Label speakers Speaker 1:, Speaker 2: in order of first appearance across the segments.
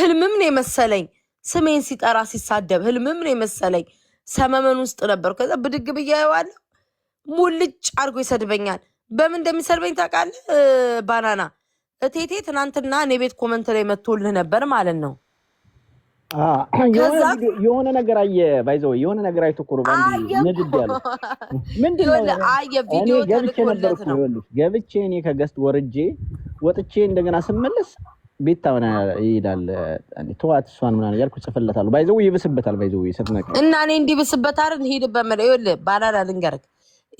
Speaker 1: ህልምም ነው የመሰለኝ ስሜን ሲጠራ ሲሳደብ ህልምም ነው የመሰለኝ። ሰመመን ውስጥ ነበር። ከዛ ብድግ ብዬ አየዋለሁ። ሙልጭ አድርጎ ይሰድበኛል። በምን እንደሚሰድበኝ ታውቃለህ? ባናና እቴቴ ትናንትና እኔ ቤት ኮመንት ላይ መጥቶልህ ነበር ማለት ነው።
Speaker 2: የሆነ ነገር አየ ባይዘ የሆነ ነገር አይቶ እኮ ነው ያለ ምንድነው ገብቼ ነበርኩ ገብቼ እኔ ከገስት ወርጄ ወጥቼ እንደገና ስመለስ ቤታ ሆነ ይሄዳል። ተዋት እሷን ምናምን እያልኩ ጽፍለታለሁ። ባይዘው ይብስበታል። ባይዘው ስትነቅ
Speaker 1: እና እኔ እንዲብስበት አይደል ሄድበት መለ ይኸውልህ፣ ባላላ ልንገርህ፣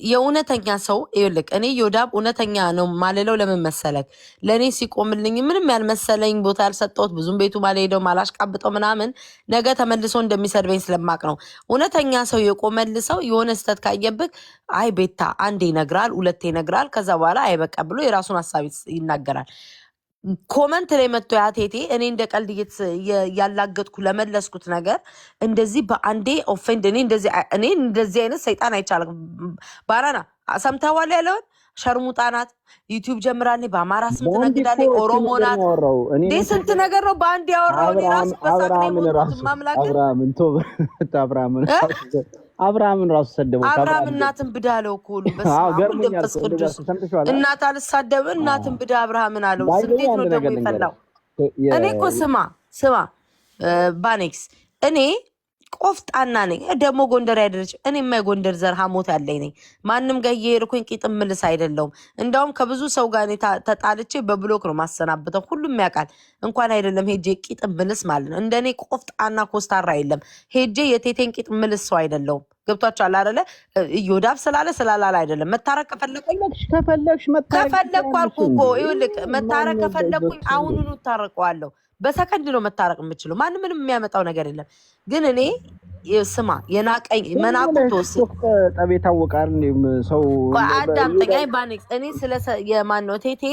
Speaker 1: የእውነተኛ ሰው ይኸውልህ፣ እኔ ዮዳብ እውነተኛ ነው ማልለው ለምን መሰለክ? ለእኔ ሲቆምልኝ ምንም ያልመሰለኝ ቦታ ያልሰጠሁት ብዙም ቤቱ ማልሄደው ማላሽቃብጠው ምናምን ነገ ተመልሶ እንደሚሰድበኝ ስለማቅ ነው። እውነተኛ ሰው የቆመልሰው የሆነ ስህተት ካየብክ አይ ቤታ አንዴ ይነግራል፣ ሁለቴ ይነግራል፣ ከዛ በኋላ አይበቃ ብሎ የራሱን ሀሳብ ይናገራል። ኮመንት ላይ መጥቶ ያቴቴ እኔ እንደ ቀልድ ያላገጥኩ ለመለስኩት ነገር እንደዚህ በአንዴ ኦፌንድ እኔ እኔ እንደዚህ አይነት ሰይጣን አይቻልም። ባራና ሰምተዋል ያለውን ሸርሙጣ ናት፣ ዩቲዩብ ጀምራኔ፣ በአማራ ስምት ነግዳኔ፣ ኦሮሞ ናት፣ ስንት ነገር ነው በአንድ ያወራው ራሱ
Speaker 2: በሳቅ ማምላክ አብርሃምን አብርሃምን ራሱ ሰደበ።
Speaker 1: አብርሃም እናትን ብዳ አለው እኮ ሁሉ በስመ ቅዱስ እናት አልሳደበ እናትን ብዳ አብርሃምን አለው። እንዴት ነው ደግሞ ይፈላው? እኔ እኮ ስማ ስማ ባኔክስ እኔ ቆፍጣና ነኝ። ደግሞ ጎንደር ያደረች እኔ እኔማ የጎንደር ዘር ሀሞት ያለኝ ነኝ። ማንም ጋር እየሄድኩኝ ቂጥ ምልስ አይደለውም። እንዳውም ከብዙ ሰው ጋር ተጣልቼ በብሎክ ነው ማሰናብተው። ሁሉም ያውቃል። እንኳን አይደለም ሄጄ ቂጥ ምልስ ማለት ነው። እንደኔ ቆፍጣና ኮስታራ የለም። ሄጄ የቴቴን ቂጥ ምልስ ሰው አይደለውም። ገብቷችኋል አይደለ? እዮዳብ ስላለ ስላላለ አይደለም። መታረቅ ከፈለኩኝ ከፈለግኩ አልኩ እኮ ይኸውልህ፣ መታረቅ ከፈለግኩኝ አሁኑኑ እታረቀዋለሁ። በሰከንድ ነው መታረቅ የምችለው። ማንም ምንም የሚያመጣው ነገር የለም። ግን እኔ ስማ የናቀኝ መናቁቶ ጠብ የታወቃል ሰው አዳምጠኝ ባኔክስ እኔ የማነው ቴቴ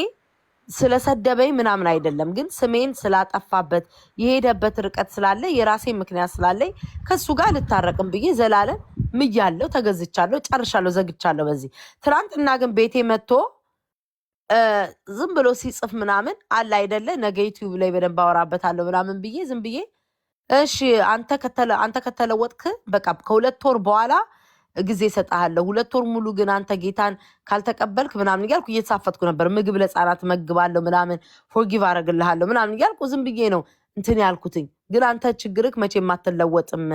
Speaker 1: ስለሰደበኝ ምናምን አይደለም፣ ግን ስሜን ስላጠፋበት የሄደበት ርቀት ስላለ የራሴ ምክንያት ስላለኝ ከሱ ጋር ልታረቅም ብዬ ዘላለም ምያለው፣ ተገዝቻለሁ፣ ጨርሻለሁ፣ ዘግቻለሁ። በዚህ ትናንትና ግን ቤቴ መጥቶ ዝም ብሎ ሲጽፍ ምናምን አለ አይደለ፣ ነገ ዩቲዩብ ላይ በደንብ አወራበታለሁ ምናምን ብዬ ዝም ብዬ እሺ፣ አንተ ከተለወጥክ በቃ ከሁለት ወር በኋላ ጊዜ እሰጥሃለሁ፣ ሁለት ወር ሙሉ ግን አንተ ጌታን ካልተቀበልክ ምናምን እያልኩ እየተሳፈጥኩ ነበር። ምግብ ለህፃናት መግባለሁ ምናምን ፎርጊቭ አረግልሃለሁ ምናምን እያልኩ ዝም ብዬ ነው እንትን ያልኩትኝ። ግን አንተ ችግርክ መቼም አትለወጥም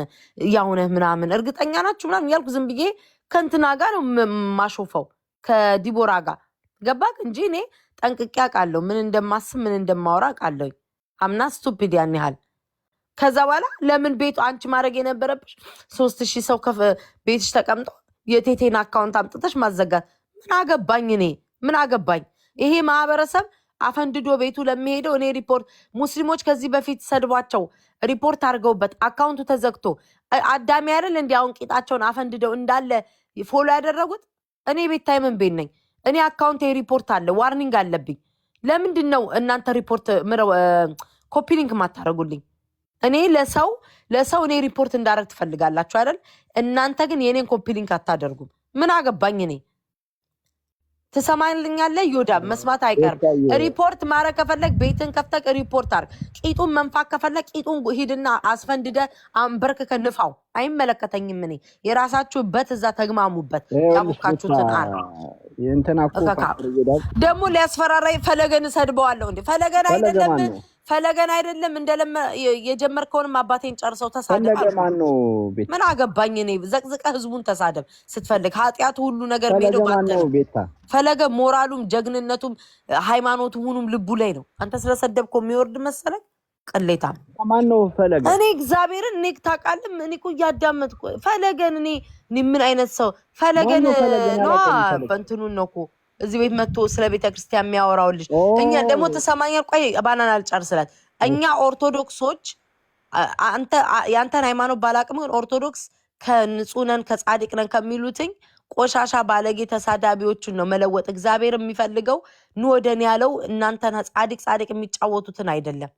Speaker 1: እያሁነህ ምናምን እርግጠኛ ናችሁ ምናምን እያልኩ ዝም ብዬ ከእንትና ጋር ነው ማሾፈው ከዲቦራ ጋር ገባክ እንጂ እኔ ጠንቅቄ አውቃለሁ። ምን እንደማስብ ምን እንደማወራ አውቃለሁ። አምና ስቱፒድ ያን ያህል ከዛ በኋላ ለምን ቤቱ አንቺ ማድረግ የነበረብሽ ሶስት ሺህ ሰው ቤትሽ ተቀምጦ የቴቴን አካውንት አምጥተሽ ማዘጋት ምን አገባኝ እኔ ምን አገባኝ። ይሄ ማህበረሰብ አፈንድዶ ቤቱ ለሚሄደው እኔ ሪፖርት ሙስሊሞች ከዚህ በፊት ሰድቧቸው ሪፖርት አድርገውበት አካውንቱ ተዘግቶ አዳሚ አይደል እንዲያውን ቂጣቸውን አፈንድደው እንዳለ ፎሎ ያደረጉት እኔ ቤት ታይምን ቤት ነኝ። እኔ አካውንት ሪፖርት አለ፣ ዋርኒንግ አለብኝ። ለምንድን ነው እናንተ ሪፖርት ኮፒሊንክ ማታደርጉልኝ? እኔ ለሰው ለሰው እኔ ሪፖርት እንዳደረግ ትፈልጋላችሁ አይደል? እናንተ ግን የእኔን ኮፒሊንክ አታደርጉም። ምን አገባኝ እኔ ትሰማልኛለህ? ይሁዳም መስማት አይቀርም። ሪፖርት ማድረግ ከፈለግ ቤትን ከፍተህ ሪፖርት አድርግ። ቂጡን መንፋት ከፈለግ ቂጡን ሂድና አስፈንድደ አንበርክ ከንፋው አይመለከተኝም። እኔ የራሳችሁ በት እዛ ተግማሙበት። ያቦካችሁትን አር ደግሞ ሊያስፈራራኝ ፈለገን እሰድበዋለሁ እንዴ? ፈለገን አይደለም ፈለገን አይደለም እንደለመ የጀመርከውንም አባቴን ጨርሰው ተሳደብ። ምን አገባኝ እኔ ዘቅዝቀ ህዝቡን ተሳደብ ስትፈልግ። ኃጢአቱ ሁሉ ነገር ፈለገ ሞራሉም ጀግንነቱም ሃይማኖቱ ሁኑም ልቡ ላይ ነው። አንተ ስለሰደብከው የሚወርድ መሰለኝ። ቅሌታም ማነው ፈለገ? እኔ እግዚአብሔርን እኔ ታውቃለህ፣ እኔ እኮ እያዳመጥኩ ፈለገን እኔ ምን አይነት ሰው ፈለገን ነዋ። በንትኑን ነው እኮ እዚህ ቤት መጥቶ ስለ ቤተ ክርስቲያን የሚያወራው ልጅ እኛ ደግሞ ተሰማኛል። ቆይ ባናን አልጨርስላት። እኛ ኦርቶዶክሶች የአንተን ሃይማኖት ባላቅም ግን ኦርቶዶክስ ከንጹህ ነን ከጻድቅ ነን ከሚሉትኝ ቆሻሻ ባለጌ ተሳዳቢዎችን ነው መለወጥ እግዚአብሔር የሚፈልገው። ኑ ወደን ያለው እናንተን ጻድቅ ጻድቅ የሚጫወቱትን አይደለም።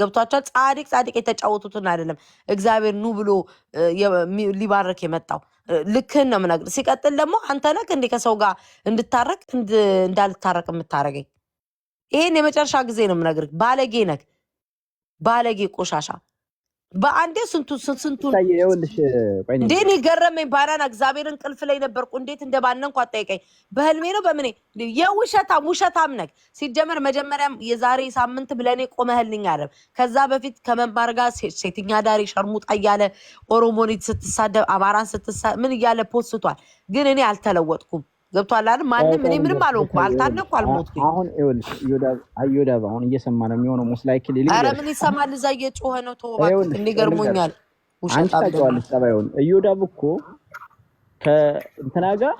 Speaker 1: ገብቷቸዋል። ጻድቅ ጻድቅ የተጫወቱትን አይደለም እግዚአብሔር ኑ ብሎ ሊባረክ የመጣው ልክህን ነው የምነግርህ። ሲቀጥል ደግሞ አንተ ነህ እንዴ ከሰው ጋር እንድታረቅ እንዳልታረቅ የምታረገኝ? ይሄን የመጨረሻ ጊዜ ነው የምነግርህ። ባለጌ ነህ፣ ባለጌ ቆሻሻ በአንዴ ስንቱ ስንቱ እንዴን የገረመኝ ባናና እግዚአብሔር እንቅልፍ ላይ ነበርኩ። እንዴት እንደባነ እንኳ አጠይቀኝ። በህልሜ ነው በምን የውሸታም ውሸታም ነህ። ሲጀመር መጀመሪያም የዛሬ ሳምንት ብለኔ ቆመህልኝ አለ። ከዛ በፊት ከመንባር ጋር ሴትኛ ዳሪ ሸርሙጣ እያለ ኦሮሞኒት ስትሳደብ፣ አማራን ስትሳ ምን እያለ ፖስቷል። ግን እኔ አልተለወጥኩም። ገብቷል ማንም እኔ ምንም አልሆንኩ፣ አልታነኩ፣ አልሞትኩኝ። አሁን ይኸውልሽ አዮዳብ አሁን እየሰማ ነው የሚሆነው ሙስላይ ሊ ኧረ ምን ይሰማል? እዛ እየጮኸ ነው። ተው እባክህ፣ እንዲገርሞኛል። አንቺ ታውቂዋለሽ ጸባዩን። አዮዳብ እኮ ከእንትና ጋር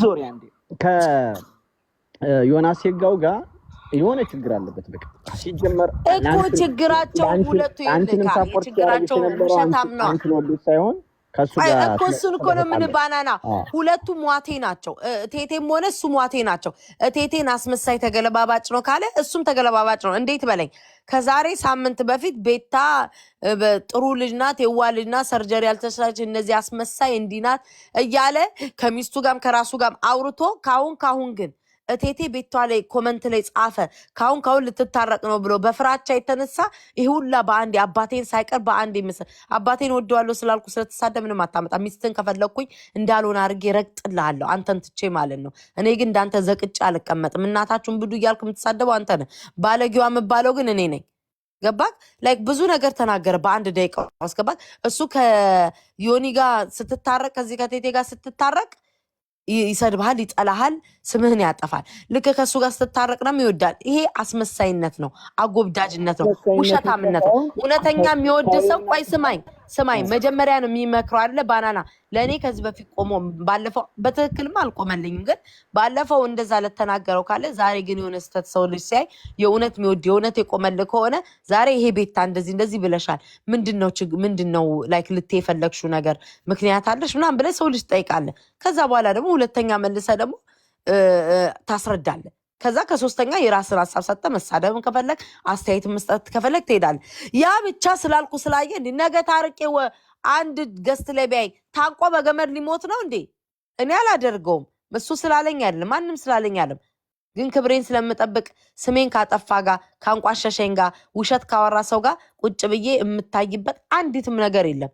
Speaker 1: ዞሪ አንዴ ከዮናስ ሄጋው ጋር የሆነ ችግር አለበት። በቃ ሲጀመር እኮ ችግራቸው ሁለቱ ይልካ ችግራቸው ውሸታም ነው ሳይሆን ከሱ ጋር እኮ እሱን እኮ ነው ምን ባናና ሁለቱ ሟቴ ናቸው። ቴቴም ሆነ እሱ ሟቴ ናቸው። ቴቴን አስመሳይ ተገለባባጭ ነው ካለ እሱም ተገለባባጭ ነው። እንዴት በለኝ። ከዛሬ ሳምንት በፊት ቤታ ጥሩ ልጅ ናት፣ የዋ ልጅ ናት፣ ሰርጀሪ ያልተሰራች እነዚህ አስመሳይ እንዲናት እያለ ከሚስቱ ጋም ከራሱ ጋም አውርቶ ካሁን ካሁን ግን እቴቴ ቤቷ ላይ ኮመንት ላይ ጻፈ ካሁን ካሁን ልትታረቅ ነው ብሎ በፍራቻ የተነሳ ይህ ሁላ በአንዴ አባቴን ሳይቀር በአንድ ምስ አባቴን ወደዋለሁ ስላልኩ ስለተሳደ ምንም አታመጣ። ሚስትን ከፈለግኩኝ እንዳልሆነ አድርጌ ረግጥልሃለሁ አንተን ትቼ ማለት ነው። እኔ ግን እንዳንተ ዘቅጬ አልቀመጥም። እናታችሁን ብዱ እያልክ የምትሳደበው አንተ ነህ። ባለጌዋ የምባለው ግን እኔ ነኝ። ገባክ? ላይክ ብዙ ነገር ተናገረ በአንድ ደቂቃ ውስጥ ገባክ? እሱ ከዮኒ ጋር ስትታረቅ ከዚህ ከቴቴ ጋር ስትታረቅ ይሰድብሃል፣ ይጠላሃል። ስምህን ያጠፋል። ልክ ከእሱ ጋር ስትታረቅ ነው ይወዳል። ይሄ አስመሳይነት ነው፣ አጎብዳጅነት ነው፣ ውሸታምነት ነው። እውነተኛ የሚወድ ሰው ቆይ ስማኝ ስማኝ መጀመሪያ ነው የሚመክረው አይደለ? ባናና ለእኔ ከዚህ በፊት ቆሞ ባለፈው በትክክልም አልቆመልኝም፣ ግን ባለፈው እንደዛ ለተናገረው ካለ ዛሬ ግን የሆነ ስህተት ሰው ልጅ ሲያይ የእውነት የሚወድ የእውነት የቆመል ከሆነ ዛሬ ይሄ ቤታ እንደዚህ እንደዚህ ብለሻል፣ ምንድን ነው ምንድን ነው ላይክ ልቴ የፈለግሽው ነገር ምክንያት አለሽ ምናምን ብለ ሰው ልጅ ጠይቃለ። ከዛ በኋላ ደግሞ ሁለተኛ መልሰ ደግሞ ታስረዳለ። ከዛ ከሶስተኛ የራስን ሀሳብ ሰጠ መሳደብን ከፈለግ አስተያየት መስጠት ከፈለግ ትሄዳለህ። ያ ብቻ ስላልኩ ስላየ ነገ ታርቄ አንድ ገስት ላይ ቢያይ ታንቆ በገመድ ሊሞት ነው እንዴ? እኔ አላደርገውም። እሱ ስላለኝ አይደለም፣ ማንም ስላለኝ አይደለም። ግን ክብሬን ስለምጠብቅ ስሜን ካጠፋ ጋር ካንቋሸሸኝ ጋር ውሸት ካወራ ሰው ጋር ቁጭ ብዬ የምታይበት አንዲትም ነገር የለም።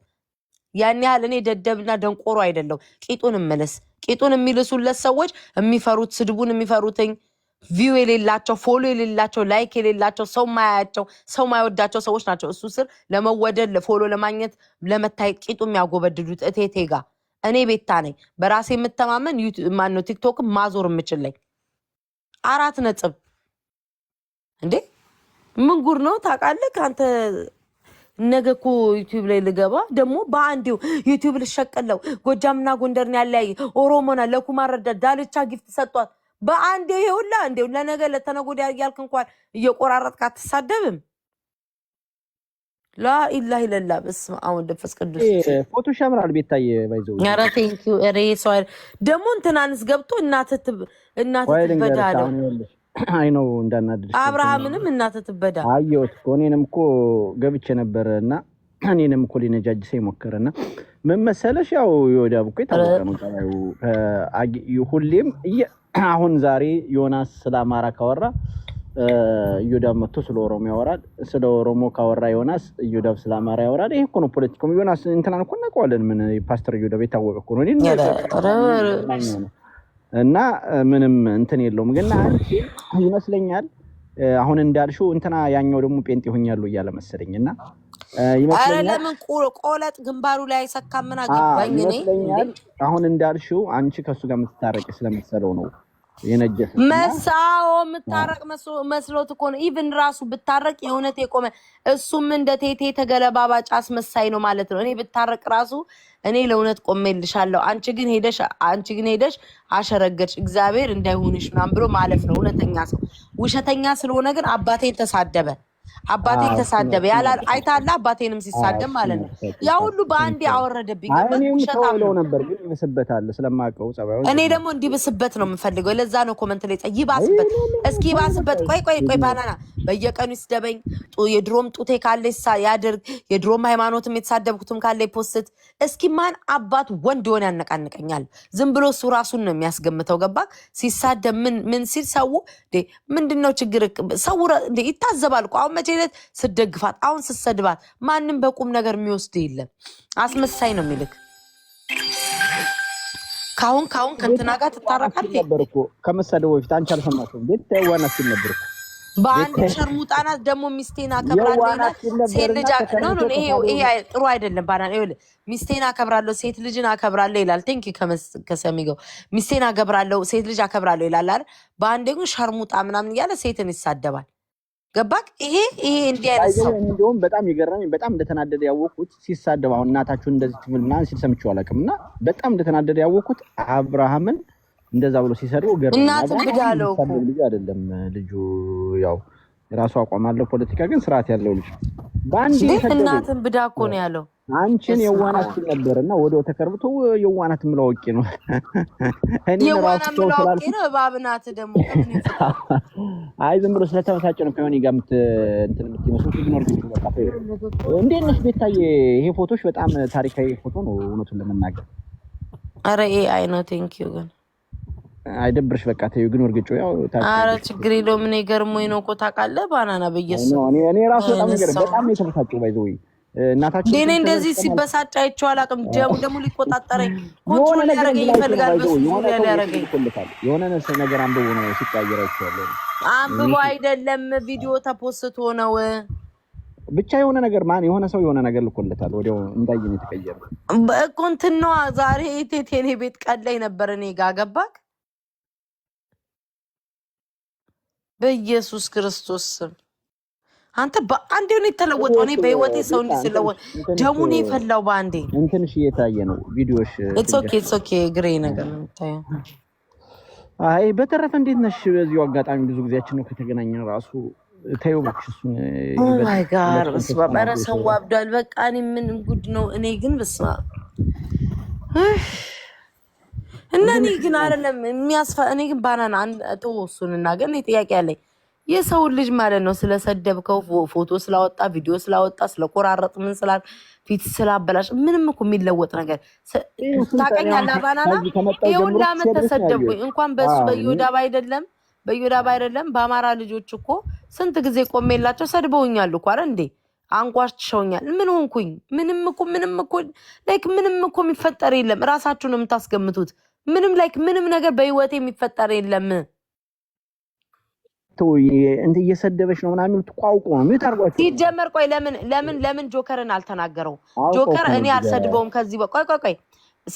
Speaker 1: ያን ያህል እኔ ደደብና ደንቆሮ አይደለው ቂጡን መለስ። ቂጡን የሚልሱለት ሰዎች የሚፈሩት ስድቡን የሚፈሩትኝ ቪው የሌላቸው ፎሎ የሌላቸው ላይክ የሌላቸው ሰው ማያያቸው ሰው ማይወዳቸው ሰዎች ናቸው። እሱ ስር ለመወደድ ፎሎ ለማግኘት ለመታየት ቂጡ የሚያጎበድዱት እቴቴ ጋ እኔ ቤታ ነኝ። በራሴ የምተማመን ማነው ቲክቶክ ማዞር የምችለኝ አራት ነጥብ እንዴ ምን ጉር ነው ታውቃለህ አንተ ነገ እኮ ዩቲዩብ ላይ ልገባ ደግሞ በአንዴው ዩቲዩብ ልሸቀለው። ጎጃምና ጎንደርን ያለያይ ኦሮሞና ለኩማር ረዳት ዳልቻ ጊፍት ሰጧት በአንዴ ይሁላ። እንዴው ለነገ ለተነጎዳ እያልክ እንኳን እየቆራረጥክ አትሳደብም። ላኢላ ለላ በስመ አብ ወወልድ ወመንፈስ ቅዱስ። ፎቶሽ ያምራል ቤታዬ። ባይዘው ኧረ ሬ ሰው ደግሞ እንትናንስ ገብቶ እናትህ ትበዳለህ አይ ነው እንዳናድድ አብርሃምንም እናትህ ትበዳ አየሁት እኮ እኔንም እኮ ገብቼ ነበረ እና እኔንም እኮ ሊነጃጅሰ ሰ እና ምን መሰለሽ፣ ያው የወዳብ እኮ የታወቀ ነው ሁሌም አሁን ዛሬ ዮናስ ስለ አማራ ካወራ እዮዳብ መጥቶ ስለ ኦሮሞ ያወራል። ስለ ኦሮሞ ካወራ ዮናስ እዮዳብ ስለ አማራ ያወራል። ይሄ እኮ ነው ፖለቲካው። ዮናስ እንትናን እኮ እናውቀዋለን። ምን ፓስተር እዮዳብ የታወቀ እኮ ነው። እና ምንም እንትን የለውም። ግን ይመስለኛል አሁን እንዳልሹ እንትና ያኛው ደግሞ ጴንጤ ሆኛለሁ እያለ መሰለኝ እና ለምን ቆለጥ ግንባሩ ላይ አይሰካም? ምን አገባኝ እኔ። ይመስለኛል አሁን እንዳልሽው አንቺ ከእሱ ጋር የምትታረቂ ስለመሰለው ነው የነገሰ መሳዎ የምታረቅ መስሎት እኮ ነው። ኢቭን ራሱ ብታረቅ የእውነት የቆመ እሱም እንደ ቴቴ ተገለባባጭ አስመሳይ ነው ማለት ነው። እኔ ብታረቅ ራሱ እኔ ለእውነት ቆሜልሻለሁ፣ አንቺ ግን ሄደሽ አንቺ ግን ሄደሽ አሸረገድሽ፣ እግዚአብሔር እንዳይሆንሽ ምናምን ብሎ ማለፍ ነው እውነተኛ ሰው። ውሸተኛ ስለሆነ ግን አባቴን ተሳደበ። አባቴ ተሳደበ ያላል አይታላ አባቴንም ሲሳደብ ማለት ነው። ያ ሁሉ በአንድ ያወረደብኝ ነበር፣ ግን ይብስበታል ስለማውቀው ጸባዩን። እኔ ደግሞ እንዲብስበት ነው የምፈልገው። ለዛ ነው ኮመንት ላይ ይባስበት፣ እስኪ ይባስበት። ቆይ ቆይ ቆይ ባናና በየቀኑ ይስደበኝ። የድሮም ጡቴ ካለ ያድርግ። የድሮም ሃይማኖትም የተሳደብኩትም ካለ ፖስት። እስኪ ማን አባት ወንድ የሆነ ያነቃንቀኛል? ዝም ብሎ እሱ ራሱን ነው የሚያስገምተው። ገባ ሲሳደብ ምን ምን ሲል ሰው ምንድን ነው ችግር? ሰው ይታዘባል እኮ አሁን መቼ ዕለት ስደግፋት፣ አሁን ስሰድባት፣ ማንም በቁም ነገር የሚወስድ የለም። አስመሳይ ነው የሚልክ ካሁን ካሁን ከእንትና ጋር ትታረቃለህ ነበር እኮ ከመሳደቡ በፊት አንቺ አልሰማሽም? ቤት ዋና ሲል ነበር እኮ በአንድ ሸርሙጣና ደግሞ ሚስቴን አከብራለሁ። ሴት ልጅ ይሄ ጥሩ አይደለም። ባና ሚስቴን አከብራለሁ፣ ሴት ልጅን አከብራለሁ ይላል። ቴንክ ከሰሚገው ሚስቴን አከብራለሁ፣ ሴት ልጅ አከብራለሁ ይላል አይደል? በአንዴ ግን ሸርሙጣ ምናምን እያለ ሴትን ይሳደባል። ገባክ? ይሄ ይሄ እንዲህ አይነት ሰው እንዲሁም በጣም የገረመኝ በጣም እንደተናደደ ያወቅኩት ሲሳደብ አሁን እናታችሁን እንደዚህ ትምል ምናምን ሲል ሰምቼው አላውቅም። እና በጣም እንደተናደደ ያወቅኩት አብርሃምን እንደዛ ብሎ ሲሰሩ ልጅ አይደለም ልጁ ያው የራሱ አቋም አለው። ፖለቲካ ግን ስርዓት ያለው ልጅ በአንድ እናትን ብዳ እኮ ነው ያለው። አንቺን የዋናት ነበር እና ወደ ተከርብቶ የዋናት ምለው አውቄ ነው የዋናት ምለው አውቄ ነው እባብናት ደግሞ አይ ዝም ብሎ ስለተመሳጨ ነው ከሆነ ጋ እንትን የምትመስሉት ኢግኖር እንዴት ነሽ ቤታዬ? ይሄ ፎቶች በጣም ታሪካዊ ፎቶ ነው እውነቱን ለመናገር ኧረ አይ ነው ቴንኪዩ ግን አይደብርሽ በቃ ተይው። ግን ወርግጮ ያው ኧረ ችግር የለውም። እኔ ገርሞኝ ነው እኮ ታውቃለህ። ባናና በየሱ እኔ ራሱ በጣም ነገር በጣም የተበሳጨው ባይዘው እናታችን እኔ እንደዚህ ሲበሳጭ አይቼው አላውቅም። ደሙ ደግሞ ሊቆጣጠረኝ ሆነ ነገር ይፈልጋል። የሆነ ነገር አንብቦ ነው ሲቀያየር አይቼዋለሁ። አንብቦ አይደለም ቪዲዮ ተፖስቶ ነው ብቻ የሆነ ነገር ማን የሆነ ሰው የሆነ ነገር ልኮለታል። ወዲያው እንዳየን የተቀየረ እኮ እንትን ነዋ። ዛሬ ቴቴኔ ቤት ቀን ላይ ነበር እኔ ጋር ገባክ በኢየሱስ ክርስቶስ ስም አንተ በአንዴ ነው የተለወጠው። እኔ በህይወቴ ሰው እንዲህ ስለወጥ ደሙን የፈላው በአንዴ እንትንሽ እየታየ ነው ቪዲዮሽ። ኢትስ ኦኬ ኢትስ ኦኬ ግሬ ነገር ነው አይ በተረፈ እንዴት ነሽ? በዚሁ አጋጣሚ ብዙ ጊዜያችን ነው ከተገናኘን ራሱ ተይው እባክሽ oh በስመ አብ! ኧረ ሰው አብዷል። በቃ እኔ ምን ጉድ ነው። እኔ ግን በስመ አብ እና እኔ ግን አይደለም የሚያስፈ እኔ ግን ባናና ተወሱን እና ግን ጥያቄ ያለኝ የሰው ልጅ ማለት ነው ስለሰደብከው፣ ፎቶ ስላወጣ፣ ቪዲዮ ስላወጣ፣ ስለቆራረጥ፣ ምን ስላል፣ ፊት ስላበላሽ ምንም እኮ የሚለወጥ ነገር ታውቀኛለህ። ባናና ይኸውልህ ዓመት ተሰደብኩኝ እንኳን በሱ በይሁዳብ አይደለም በይሁዳብ አይደለም በአማራ ልጆች እኮ ስንት ጊዜ ቆሜላቸው ሰድበውኛል እኮ አረ እንዴ? አንቋሸውኛል። ምን ሆንኩኝ? ምንም እኮ ምንም እኮ ላይክ ምንም እኮ የሚፈጠር የለም። እራሳችሁን የምታስገምቱት ምንም ላይክ ምንም ነገር በህይወት የሚፈጠር የለም። እንትን እየሰደበች ነው ምናምን ቋውቆ ነው ሚት አርጓቸው ሲጀመር። ቆይ ለምን ለምን ለምን ጆከርን አልተናገረው? ጆከር እኔ አልሰድበውም ከዚህ ቆይ ቆይ ቆይ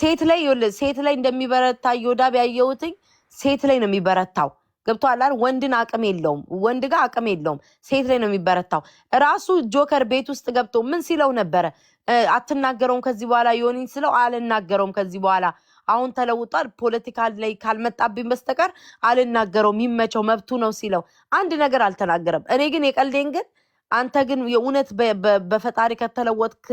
Speaker 1: ሴት ላይ ሴት ላይ እንደሚበረታ ዮዳብ ቢያየውትኝ ሴት ላይ ነው የሚበረታው። ገብቶሃል አይደል? ወንድን አቅም የለውም ወንድ ጋር አቅም የለውም። ሴት ላይ ነው የሚበረታው። ራሱ ጆከር ቤት ውስጥ ገብቶ ምን ሲለው ነበረ? አትናገረውም ከዚህ በኋላ ዮኒን ስለው አልናገረውም ከዚህ በኋላ አሁን ተለውጧል። ፖለቲካ ላይ ካልመጣብኝ በስተቀር አልናገረው፣ የሚመቸው መብቱ ነው ሲለው አንድ ነገር አልተናገረም። እኔ ግን የቀልዴን ግን አንተ ግን የእውነት በፈጣሪ ከተለወጥክ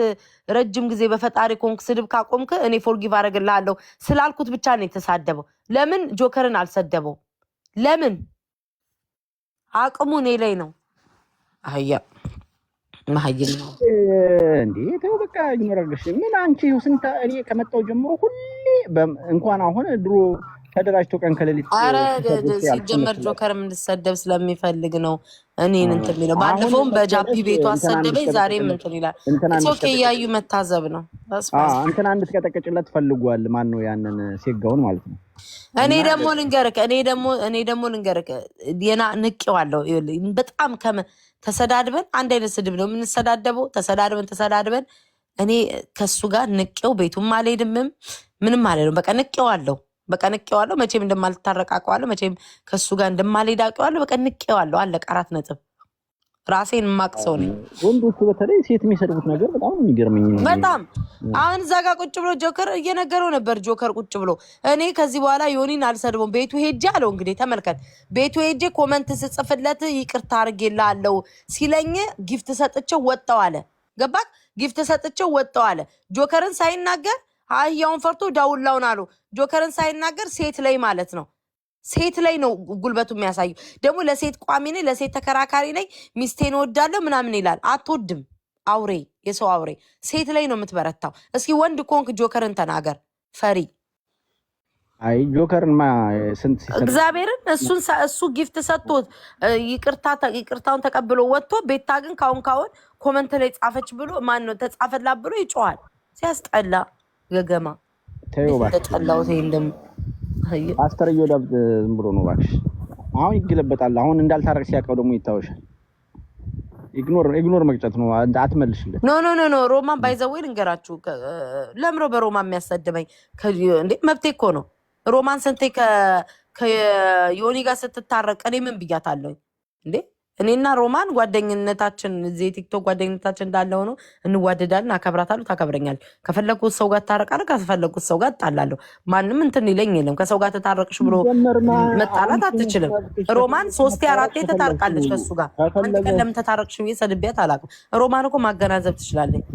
Speaker 1: ረጅም ጊዜ በፈጣሪ ኮንክ ስድብ ካቆምክ እኔ ፎርጊቭ አደረግልሃለሁ ስላልኩት ብቻ ነው የተሳደበው። ለምን ጆከርን አልሰደበው? ለምን አቅሙ እኔ ላይ ነው አያ መሀይል ነው እንዴ? ተው በቃ ይኖራልሽ። ምን አንቺ ስንት እኔ ከመጣሁ ጀምሮ ሁሌ እንኳን አሁን ድሮ ተደራጅቶ ቀን ከሌሊት ኧረ ሲጀመር ጆከር የምንሰደብ ስለሚፈልግ ነው እኔን እንትን የሚለው ባለፈውም በጃፒ ቤቱ አሰደበኝ፣ ዛሬም እንትን ይላል። ኦኬ እያዩ መታዘብ ነው። እንትን አንድ ፈልጓል። ማን ነው ያንን ሴጋውን ማለት ነው። እኔ ደግሞ ልንገርህ እኔ ደግሞ እኔ ደግሞ ልንገርህ የና ንቄዋለሁ በጣም ተሰዳድበን አንድ አይነት ስድብ ነው የምንሰዳደበው። ተሰዳድበን ተሰዳድበን እኔ ከሱ ጋር ንቄው ቤቱም አልሄድምም ምንም አለ ነው በቃ ንቄዋለሁ። በቃ ንቄዋለሁ። መቼም እንደማልታረቅ አውቀዋለሁ። መቼም ከሱ ጋር እንደማልሄድ አውቀዋለሁ። በቃ ንቄዋለሁ። አለቀ። አራት ነጥብ ራሴን የማቅ ሰው ነኝ። ወንዶቹ በተለይ ሴት የሚሰድቡት ነገር በጣም ነው የሚገርመኝ። በጣም አሁን እዛ ጋር ቁጭ ብሎ ጆከር እየነገረው ነበር። ጆከር ቁጭ ብሎ እኔ ከዚህ በኋላ ዮኒን አልሰድበውም ቤቱ ሄጄ አለው። እንግዲህ ተመልከት፣ ቤቱ ሄጄ ኮመንት ስጽፍለት ይቅርታ አድርጌልሃለሁ ሲለኝ ጊፍት ሰጥቼው ወጣው አለ። ገባት ጊፍት ሰጥቼው ወጣው አለ። ጆከርን ሳይናገር አህያውን ፈርቶ ዳውላውን አሉ። ጆከርን ሳይናገር ሴት ላይ ማለት ነው ሴት ላይ ነው ጉልበቱ የሚያሳዩ። ደግሞ ለሴት ቋሚ ነኝ፣ ለሴት ተከራካሪ ነኝ፣ ሚስቴን እወዳለሁ ምናምን ይላል። አትወድም፣ አውሬ፣ የሰው አውሬ። ሴት ላይ ነው የምትበረታው። እስኪ ወንድ ኮንክ ጆከርን ተናገር ፈሪ። አይ ጆከርን ማ ስንት እግዚአብሔርን እሱን እሱ ጊፍት ሰጥቶት ይቅርታውን ተቀብሎ ወጥቶ ቤታ ግን ካሁን ካሁን ኮመንት ላይ ጻፈች ብሎ ማን ነው ተጻፈላት ብሎ ይጮሃል። ሲያስጠላ ገገማ ተጠላው። አስተር እዮዳብ ዝም ብሎ ነው እባክሽ። አሁን ይገለበጣል። አሁን እንዳልታረቅ ሲያውቀው ደግሞ ይታወሻል። ኢግኖር ኢግኖር መቅጨት ነው። አትመልሽለት። ኖ ኖ ኖ ኖ ሮማን ባይዘወይ ልንገራችሁ፣ ለምሮ በሮማን የሚያሳድበኝ እንዴ መብቴ እኮ ነው። ሮማን ስንቴ ከዮኒ ጋር ስትታረቅ እኔ ምን ብያታለሁኝ እንዴ? እኔና ሮማን ጓደኝነታችን እዚህ የቲክቶክ ጓደኝነታችን እንዳለ ሆኖ እንዋደዳል፣ አከብራታለሁ፣ ታከብረኛል። ከፈለግኩት ሰው ጋር ታረቃለ፣ ከፈለግኩት ሰው ጋር ጣላለሁ። ማንም እንትን ይለኝ የለም። ከሰው ጋር ተታረቅሽ ብሎ መጣላት አትችልም። ሮማን ሶስቴ አራቴ ተታርቃለች ከሱ ጋር። አንድ ቀን ለምን ተታረቅሽ ብዬ ሰድቤያት አላውቅም። ሮማን እኮ ማገናዘብ ትችላለች።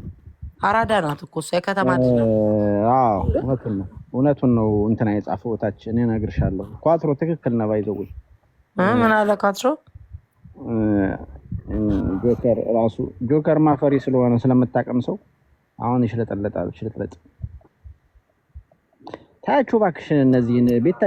Speaker 1: አራዳ ናት እኮ እሷ፣ የከተማ ልጅ ነው እውነቱን ነው እንትን የጻፈው ታች እኔ እነግርሻለሁ። ኳትሮ ትክክል ነህ። ምን አለ ኳትሮ ጆከር ራሱ ጆከር ማፈሪ ስለሆነ ስለምታቀም ሰው አሁን ይሽለጠለጣል። ይሽለጠለጥ ታያችሁ እባክሽን እነዚህን ቤታ